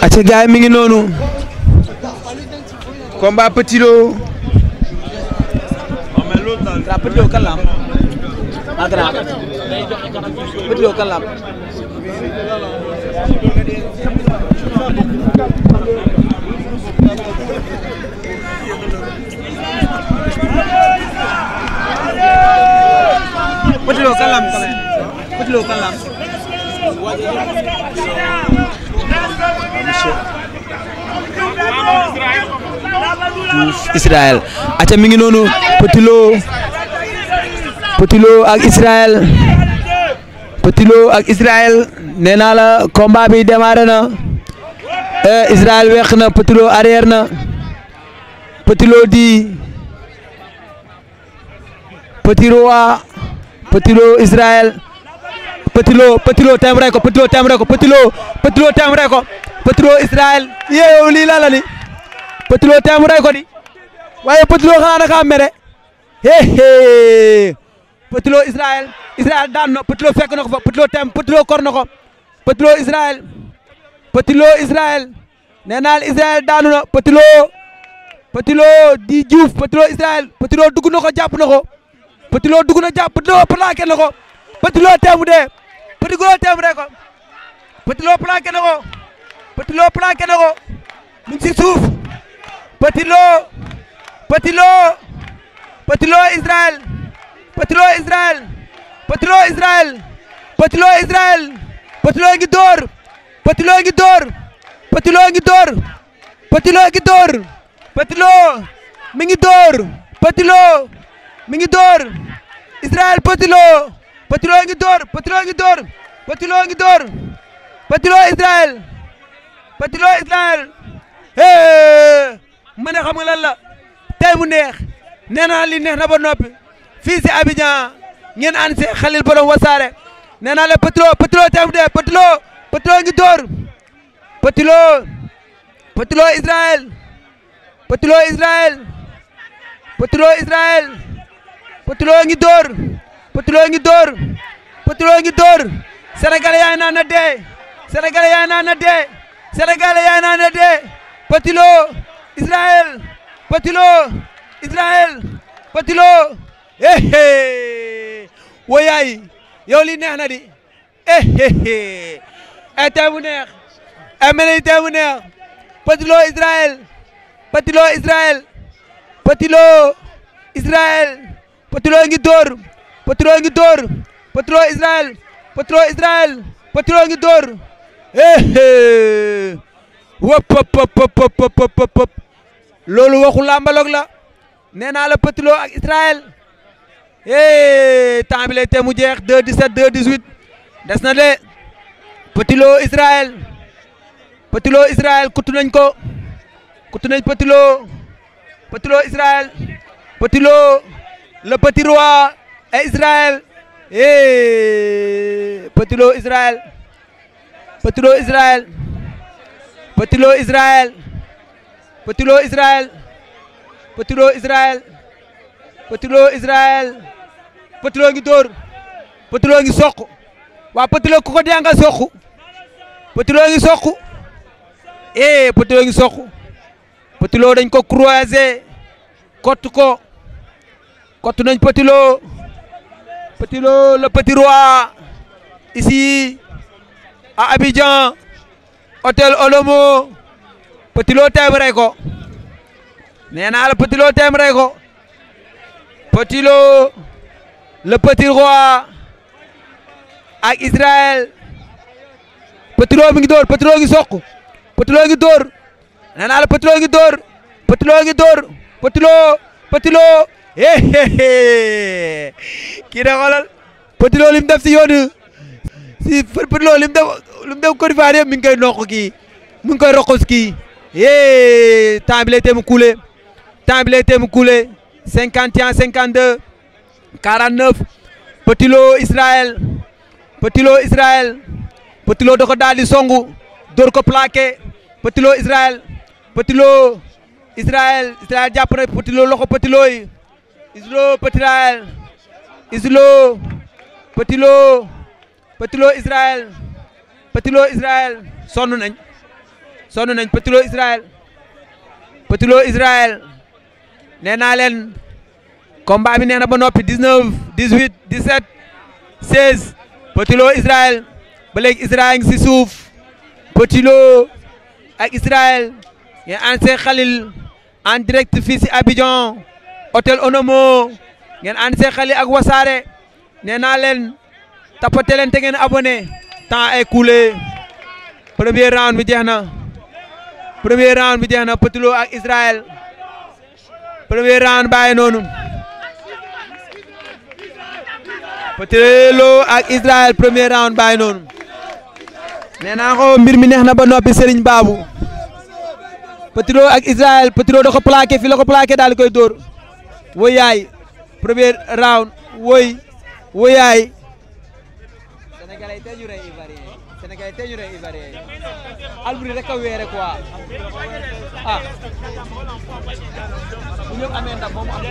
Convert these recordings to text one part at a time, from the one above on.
acca gaay mi ngi noonu combat Petit Lo Petit Lo Petit Lo kan la am Petit Lo kan la am. Israël aca mi ngi noonu Petit Lo Petit Lo ak Israël Petit ak Israël nee naa la combat bi démarré na eh, Israël weex na Petit na Petit Petit Lo ah, Petit Lo Israël Petit Lo Petit Lo tem reko Petit Lo tem reko Petit Lo ni Petit Lo tem reko di mere hee Petit Lo Israël Israël daan na fekk na ko fa Petit Lo tem Petit kor na ko Petit Lo Israël Petit Lo Israël nee naa la Israël daanu na Petit Lo Petit Lo di dugg na ko jàpp na ko Petit Lo dugg na jàpp Petit Lo plaqué na ko Petit Lo teemu dee Petit Lo teemu dee ko Petit Lo plaqué na ko Petit Lo plaqué na ko mu ngi ci suuf Petit Lo Petit Lo Petit Lo Israël Petit Lo Israël Petit Lo Israël Petit Lo Israël Petit Lo ngi door Petit Lo ngi door Petit Lo ngi door Petit Lo ngi door Petit Lo mi ngi door Petit Lo mi ngi door Israël Petit Lo Petit Lo ngi door Petit ngi door Petit Lo ngi door Petit Lo ne Petit Lo Israël a lan la tey mu neex nee naa li neex na ba noppi fii si Abidjan ngeen ànd si Khalil borom wasaare nee naa la Petit Lo Petit mu neex Petit Lo Petit Lo ngi door Petit Lo Petit Lo Petit Lo ngi dóor Petit Lo ngi yaay naa na dee sénégalais yaay naa na dee sénégalais yaay naa na dee Petit Lo Israël Petit Lo Israël Petit Lo eh, eh, eh. woyaay yow li neex na di eh ay eh, tey neex ay mel neex Petit Lo Israël Petit Lo Israël Patro ngi door Patro ngi door Patro Israël Patro Israël Patro ngi door eh, eh. wop pop pop pop pop loolu waxu làmbaloog la nee naa la Patro ak Israël eh temps bi lay tee mu jeex 2 17 2 18 des na de Patro Israël Patro Israël kutu nañ ko kutu nañ Patro Patro Israël Patro le petit roi et Israël et eh, petit lo Israël petit lo Israël petit lo Israël petit lo Israël petit lo Israël petit lo Israël petit lo ngi dóor petit lo ngi soq waa petit lo ku ko dee nga soq petit lo ngi soq eh petit lo ngi soq petit lo dañ ko croiser kott ko. kottu nañ Petit Lo Petit Lo le petit roi ici à Abidjan hôtel Olomo Petit Lo teem rey ko nee naa la Petit teem rey ko Petit Lo le petit roi ak Israël Petit Lo mi ngi dóor Petit Lo ngi soq nee naa la Petit Lo ngi dóor Petit Lo ngi dóor kii da xoolal Petit Lo lim def si yoonu si Petit Lo lim def mi ngi koy noq kii mi ngi koy roqos kii temps bi lay téem a coulé temps cinquante et un cinquante deux quarante neuf Petit Lo Israël Petit Lo Israël Petit da ko daal di songu dóor ko plaqué Petit Lo Israël Petit Lo Israël Israël jàpp Islo Petirael Islo Petilo Petilo Israël Petilo Israël sonn nañ sonn nañ Petilo Israël Petilo Israël nee naa leen combat bi nee na ba noppi 19 18 17 16 Petilo Israël ba léegi Israël ngi si suuf Petilo ak Israël ngeen ancien Khalil en direct fii si Abidjan hôtel Onomo ngeen ànd see xali ak wasaare nee naa leen tapote leen te ngeen abonné temps écoulé premier round bi jeex na premier round bi jeex na Petit Lo ak Israël premier round bàyyi noonu Petit Lo ak Israël premier round bàyyi noonu nee naa ko mbir mi neex na ba noppi Serigne Babou Petit Lo ak Israël Petit Lo da ko plaqué fii la ko plaqué daal di koy dóor. woyaay premier round woy woyaay sénégalais tey ñu rey ivoirien sénégalais tey ñu rey ivoirien Alboury weere quoi ah bu ñëpp amee ndam moom am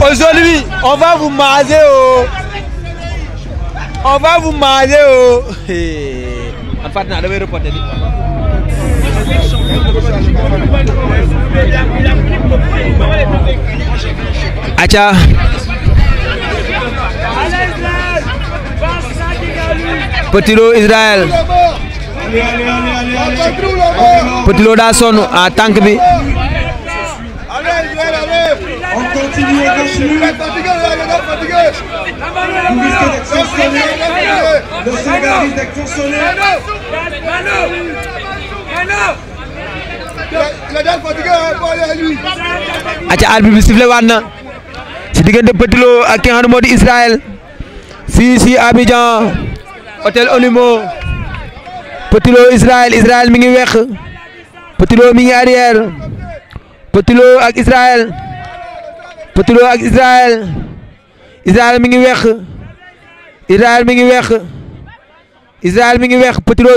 Aujourd'hui, on aca Petit Lo Israël Petit Lo daa sonn a tànk bi aca arbitre bi sifflé waat si diggante Petit ak ki nga xam ne moo di Israël fii Abidjan hôtel Olimo Petit Lo Israël Israël mi ngi weq Petit Lo mi ak Israël Petit ak Israël Israël mi ngi weq Israël mi ngi weq Israël mi ngi weq Petit Lo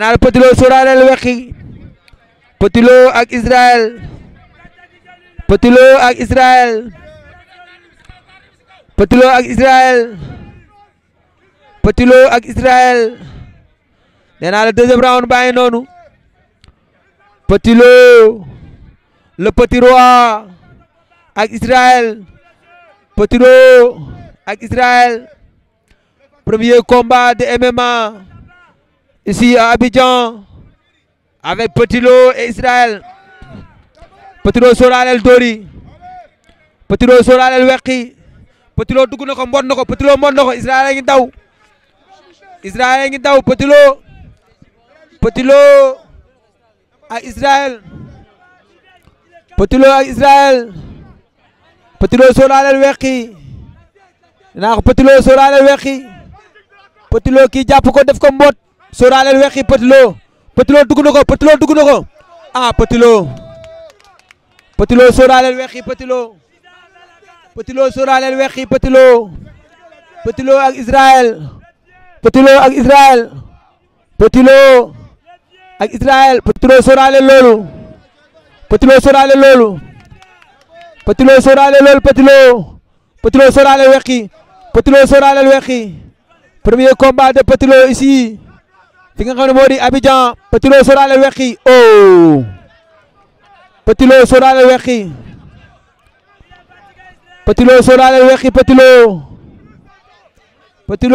nee la Petit Lo Wekki Petit ak Israël Petit Lo ak Israël Petit ak Israël Petit Lo ak Israël la deuxième round baa ngi noonu Petit Lo ak Israël Petit Lo ak Israël premier combat de MMA ici à Abidjan avec Petit Lo et Israël Dori Petit Lo Wekki Petit Lo dugg na ko mbot na ko Petit Lo mbot ngi daw Israël a ngi daw Petit Lo Petit Lo ak Israël Wekki dinaa ko Petit Lo Wekki Petit Lo kii jàpp ko def ko mbot sóoraaleel weq yi Petit Lo Petit Lo dugg na ko Petit Lo dugg na ko ah Petit Lo Petit Lo sóoraaleel weq yi Petit Lo Petit Lo sóoraaleel weq yi Petit Lo Petit Lo ak Israël Petit Lo ak Israël Petit Lo ak Israël Petit Lo sóoraaleel loolu Petit Lo sóoraaleel loolu Petit Lo sóoraaleel loolu Petit Lo Petit Lo sóoraaleel weq yi Petit Lo sóoraaleel weq yi premier combat de Petit Lo ici fi nga xam ne moo di Abidjan Petit Lo sóoraale weq yi oh Petit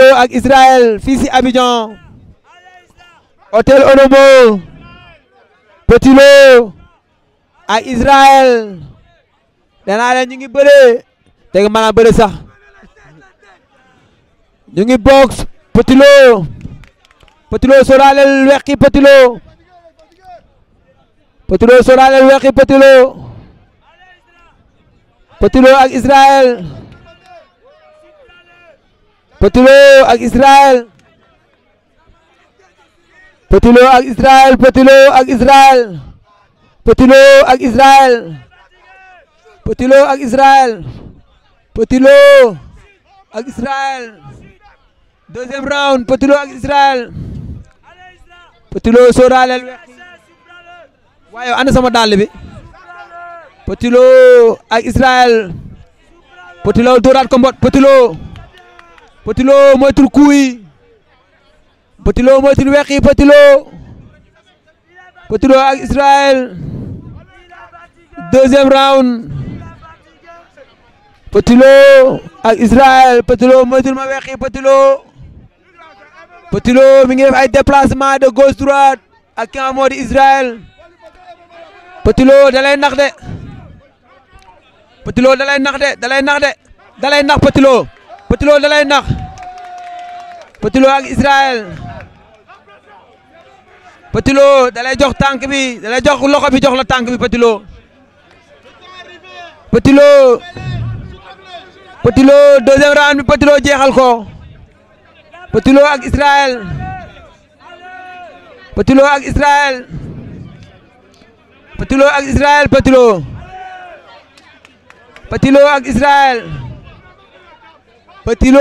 ak Israël fii si Abidjan hôtel Onomo ak Israël danaa leen ñu ngi bëree te maanaam bëre sax ñu ngi box Petit Lo sóoraaleel weqi Petit Lo Petit Lo sóoraaleel weqi Petit Lo Petit Lo ak Israël Petit Lo ak Israël Petit Lo ak Israël Petit Lo ak Israël Petit Lo ak Israël Petit Lo ak Israël Petit Lo ak Israël deuxième round Petit Lo ak Israël Petit Lo sóoraaleel weq waaye ana sama dàll bi Petit Lo ak Israël Petit Lo dóoraat ko mbot Petit Lo Petit Lo moytul kuuy Petit ak Israël deuxième round Petit ak Israël Petit Lo ma weq yi Petit mi ngi ay déplacement de gauche droite ak ki nga moo di Israël Petit Lo da lay nax de Petit Lo da de da lay nax de da lay nax ak Israël Petit Lo da lay jox tànk bi da jox loxo bi jox la tànk bi Petit Lo Petit Lo Petit Lo bi Petit Lo ko. Petit Lo ak Israël Petit ak Israël Petit Lo ak Israël Petit ak Israël Petit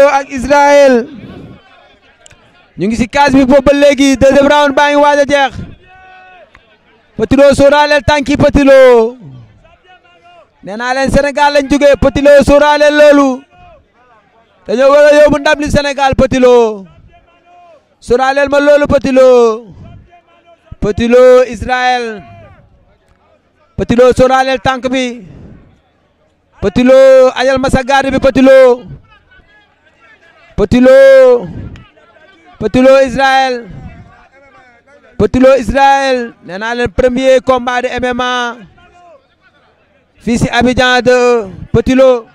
ngi ci case bi boobu ba léegi deuxième round baa ngi waaj a jeex Petit Lo sóoraaleel tànki Petit Lo naa leen Sénégal lañ jógee Petit loolu dañoo war a yóbbu Sénégal Petit Lo ma loolu Petit Lo Petit Lo Israël Petit bi Petit Lo ajal ma sa bi Petit Lo Petit Lo Petit Lo Israël premier combat de MMA fii si Abidjan de Petit loolu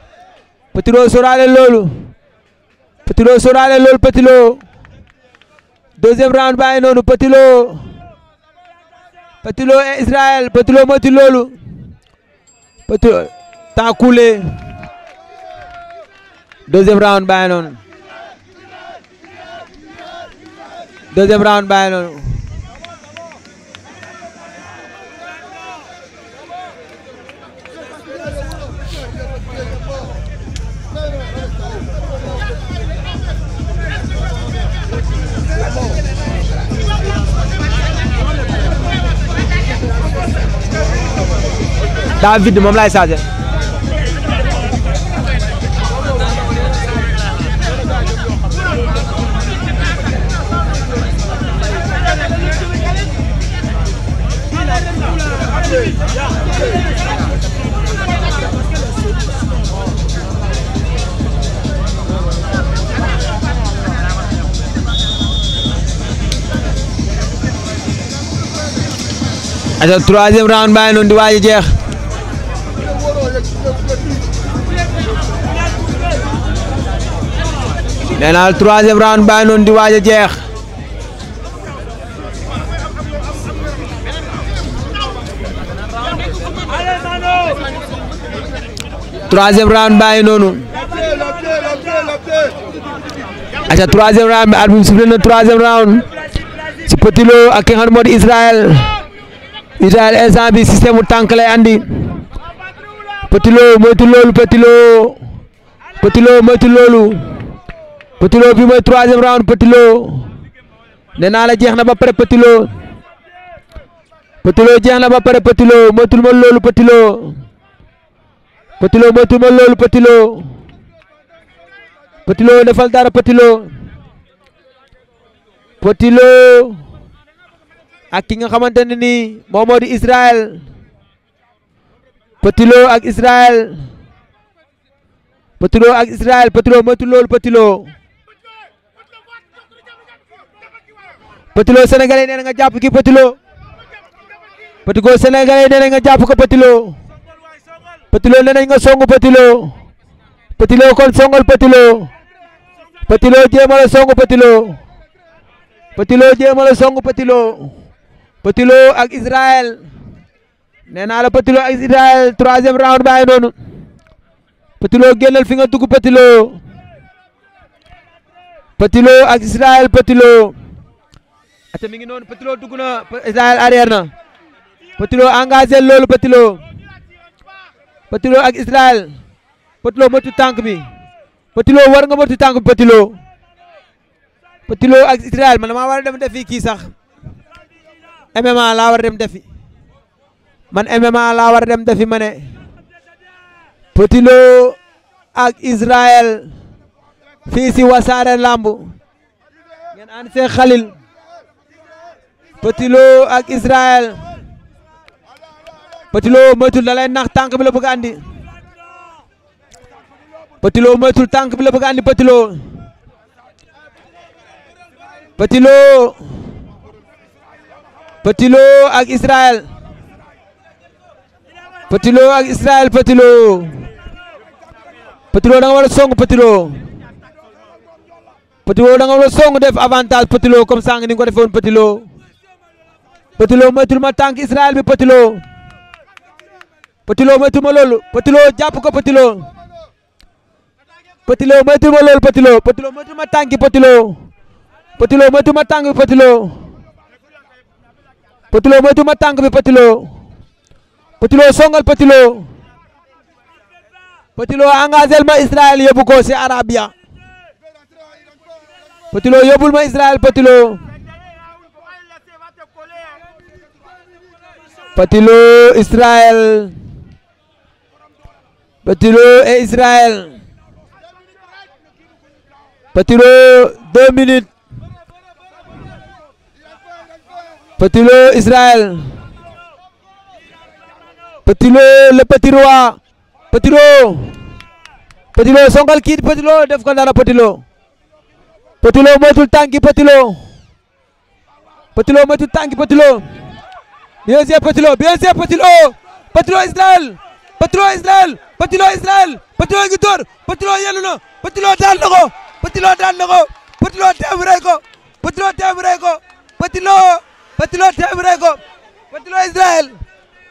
Petit Lo sóoraale loolu Petit Lo deuxième round baa ngi noonu Petit Lo Petit Lo et Israël Petit Lo loolu Petit Lo temps coulé deuxième round baa ngi noonu deuxième round baa ngi noonu daa vide mom laay changé. aca troisième round baa ngi noonu di waaj jeex nee naa la round bàyyi noonu di waaj jeex troisième round bàyyi noonu aca troisième round bi arbitre bi sifflé na round si Petit Lo ak ki nga xam ne moo système mu tànk lay andi Petit Lo moytu loolu Petit Lo Petit Lo loolu Petit bi mooy troisième round Petit Lo naa la jeex na ba pare Petit Lo jeex na ba pare Petit Lo moytul ma loolu Petit Lo Petit Lo moytul loolu Petit Lo ak ki nga xamante ne ni moom moo di Israël Petit ak Israël Petit Lo ak Israël Petit Lo moytul loolu Petit Petit Lo sénégalais nee na nga jàpp ki Petit Lo Petit Lo sénégalais nga jàpp ko Petit Lo Petit Lo nee nga songu Petit Lo Petit Lo kon songal Petit Lo Petit songu Petit Lo Petit songu Petit Lo ak Israël nee naa la Petit Lo ak Israël troisième round baa noonu Petit Lo fi nga dugg Petit Lo ak Israël Petit ate mi ngi noonu Petit Lo dugg na Israël arrière na Petit Lo ak Israël Petit Lo motu tànk bi Petit Lo war nga motu ak Israël man damaa war dem defi kii sax MMA laa war dem defi man MMA ma ne Petit Lo ak Israël fii si Wassare Lamb ngeen ànd see Petit ak Israël Petit Lo moytul da lay nax tànk bi la bëgg andi Petit Lo moytul tànk bi la bëgg andi Petit Lo Petit ak Israël Petit Lo ak Israël Petit Lo Petit Lo da nga war a song Petit def avantage Petit Lo comme ça nga ni nga ko defee woon Petit Lo moytul ma tànk Israël bi Petit Lo Petit Lo ma loolu Petit Lo jàpp ko Petit Lo Petit Lo moytul ma loolu Petit Lo Petit Lo moytul ma tànk Petit Lo Petit Lo moytul ma bi Petit Lo Petit Lo ma tànk bi Petit Lo Petit Lo songal Petit ma Israël yóbbu ko si Arabia Petit ma Israël Petit Lo Patilo Israël Patilo et Israël Patilo deux minutes Patilo Israël Patilo le petit roi Patilo Patilo kiit Patilo def ko dara Patilo Patilo moytul tànki Patilo Patilo moytul tànki Patilo Bien joué Petit Lo bien joué Petit Lo Petit Lo Israël Petit Lo Israël Petit Lo Israël Petit Lo ngi door Petit Lo yellu na Petit Lo daan na ko Petit Lo daan na ko Petit Lo teem rey ko Petit Lo teem rey ko Petit Lo Petit Lo teem rey ko Petit Lo Israël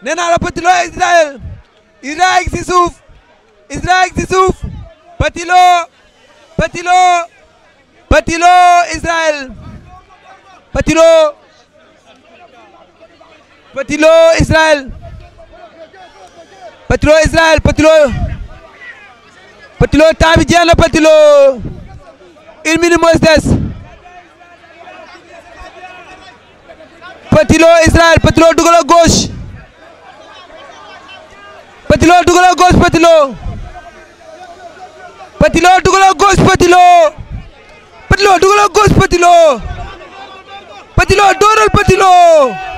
nee naa la Petit Lo Israël Israël si suuf Israël si suuf Petit Lo Petit Lo Petit Lo Israël Petit Lo Petit Lo Israël Petit Lo Israël Petit Lo Petit Lo temps bi jeex na Petit Lo une minute moo des Petit Lo Israël Petit Lo dugal a gauche Petit Lo dugal a gauche Petit Lo Petit Lo dugal a gauche Petit Lo Petit Lo dugal a gauche Petit Lo Petit Lo dooral Petit Lo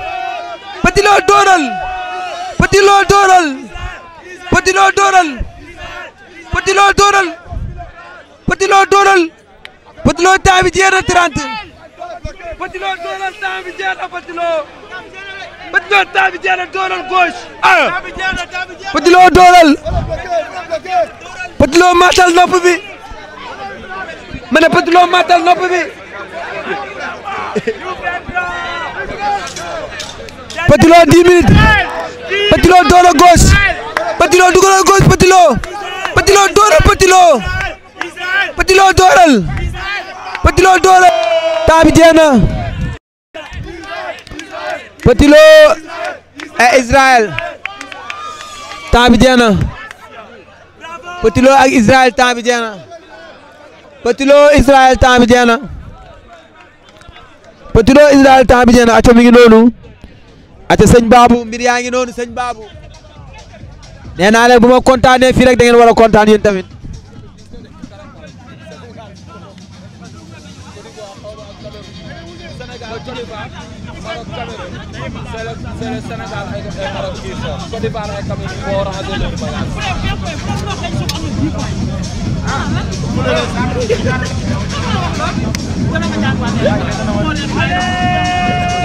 Petit Lo dóoral Petit Lo dóoral Petit Lo dóoral Petit Lo dóoral Petit Lo dóoral Petit Lo temps bi jeex na 30 Petit Lo dóoral temps bi Petit Lo 10 minutes Petit Lo door na gauche Petit Lo dugal na gauche Petit Lo Petit Lo dooral Petit Lo Petit Lo dooral Petit bi jeex na eh, bi jeex na Petit Lo ak Israël temps bi jeex na bi jeex mi aca sëñ baabu mbir yaa ngi noonu sëñ baabu nee naa leen bu ma kontaanee fii rek da ngeen war a kontaan yéen tamit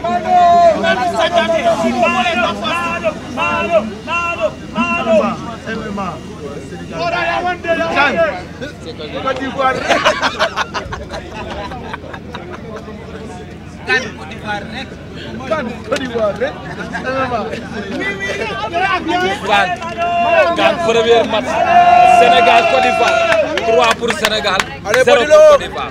kan premier match Sénégal Côte d'Ivoire 3 pour Sénégal 0 pour Côte d'Ivoire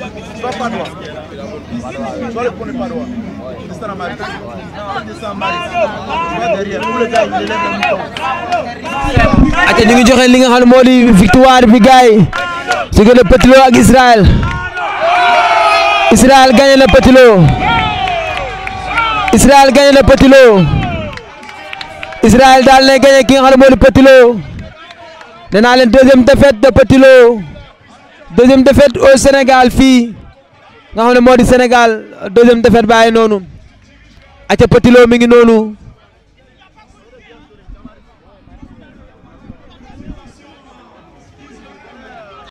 Sois padois. ngi joxe li nga xam ne moo di victoire bi gars yi. su gën a Petit Lo ak Israël. Israël gagné na Petit Lo. Israël gagné na Petit daal ne gagné ki nga xam ne naa leen deuxième défaite de Petit deuxième défaite au Sénégal fii nga xam ne moo di Sénégal deuxième défaite bàyyi noonu aca Petit Lo mi ngi noonu